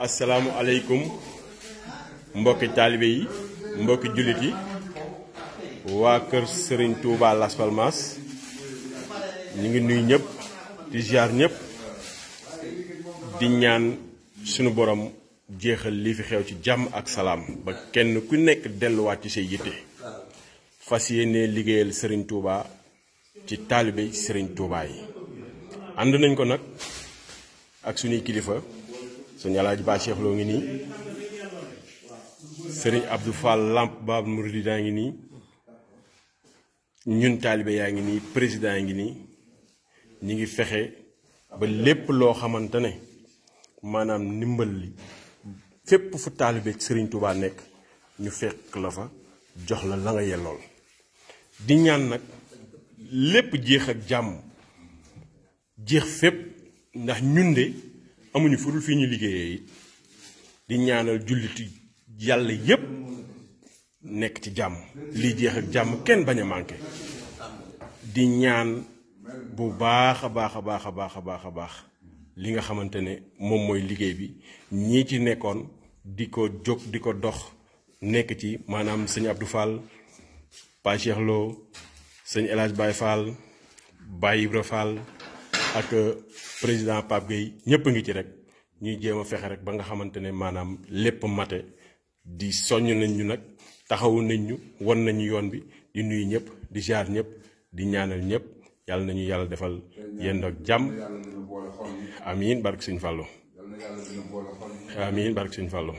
assalamu alaikum mbokki taalibe yi mbokki juliti wa keur Serigne Touba Las Palmas ñi ngi nuy ñep di ziar ñep di ñaan suñu borom jéxal li fi xew ci jamm ak salam ba kenn ku nekk wat ci sey yitte fasiyene ligéyal Serigne Touba ci Serigne Touba yi and nañ ko nak ak suñu kilifa. suñu alaaji ba Cheikh loo ngi nii sëriñ Abdou Fall Lamp Baab Muridaa ngi nii ñun taalibe yaa ngi nii président yaa ngi nii ñu ngi fexe ba lépp loo xamante ne maanaam ndimbal li fépp fu taalibe sëriñ Touba nekk ñu fekk la fa jox la la nga yellool di ñaan nag lépp jeex ak jàmm jeex fépp ndax ñun de amuñu fudul fii ñu liggéeyee it di ñaanal julliti yàlla yépp nekk ci jàmm li jeex ak jàmm kenn bañ a manqué di ñaan bu baax a baax a baax a baax a baax a baax li nga xamante ne moom mooy liggéey bi ñii ci nekkoon di ko jóg di ko dox nekk ci maanaam sëñ Abdou Fall Pape Cheikh Lo sëñ El Hadj Baye Ibra Fall ak euh, président Pape Gueye ñëpp a ngi ci rek ñuy jéem a fexe rek ba nga xamante ne maanaam lépp mate di soññ nañ ñu nag taxawu nañ ñu won nañu yoon bi di nuyu ñëpp di jaar ñëpp di ñaanal ñëpp yàlla nañu yàlla defal yéen ak jàmm amiin barke Sëñ Fallou amiin barke Sëñ Fallou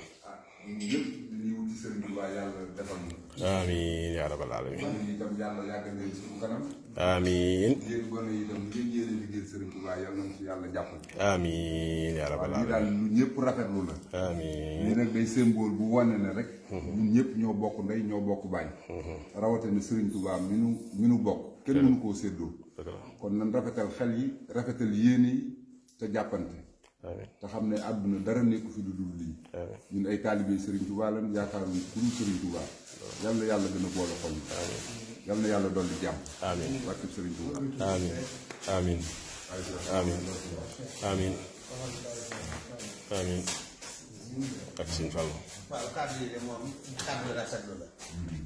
sëriñ Tuubaa yàlla defal na. amiin yaa rabbal aalamiin. man mii itam yàlla yàggal leen suñu kanam. amiin. yéen gone yi itam lu la. amiin lii nag day symbole bu wane ne rek. Mhm. ñun ñëpp ñoo bokk ndey ñoo bokk baay. Mhm. rawatina sëriñ Tuubaa mi nu mi nu bokk. kenn mënu koo séddoo. kon nan rafetal xel yi rafetal yéene yi te jàppante. te xam ne àdduna dara nekku fi lu dul lii ñun ay taalibe Serigne Touba lan yaakaaruñ ku dul Serigne Touba yal na yàlla gën a boole xol yal na yàlla dolli jàmm amiin barkeb Serigne Touba amiin amiin amiin amiin amiin ak Serigne Fallou waaw kàddu yi de moom kàddu rafetlu la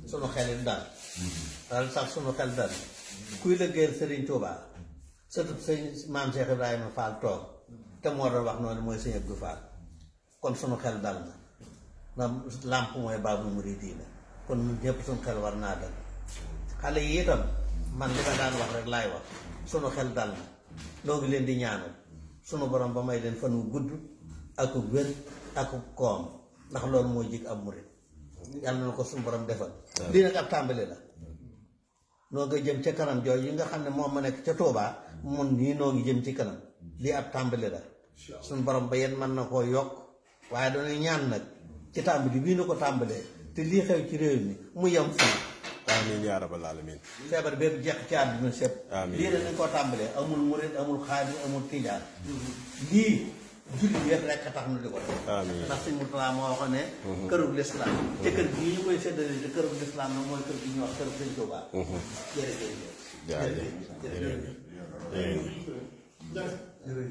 sunu xelit daal daal sax sunu xel daal kuy lëggéeyal Serigne Touba surtout sëñ maam Cheikh Ibrahima Fall toog te moo doon wax noonu mooy sëñ Abdou Fall kon sunu xel dal na ndax làmp mooy baabu muridiina kon ñun ñëpp sunu xel war naa dal xale yi itam man li ma daan wax rek laay wax sunu xel dal na noo leen di ñaanal sunu borom ba may leen fan gudd ak wér ak koom ndax loolu moo jig ab murid yàlla na ko sunu borom defal. lii nag ab tàmbali la. noo ngi jëm ca kanam jooju yi nga xam ne moom ma nekk ca Touba mun nii noo ngi jëm ci kanam. lii ab tàmbali la suñu borom ba yéen mën na koo yokk waaye dañuy ñaan nag ci tàmbali bii nu ko tàmbalee te lii xew ci réew mi mu yem fii amin yaa rabbal alamin feebar bépp jeex ci àdduna sépp lii da koo tàmbalee amul murit amul xaadir amul tijaan lii jullit yëpp rek tax na di ko def ndax suñ mutala moo waxoon ne mhm. kërub lislaam mhm. te kër gii ñu koy séddale te kërub lislaam nag mooy kër gi ñuy wax kërub sëñ Tuubaa mhm. jërëjëf Gracias.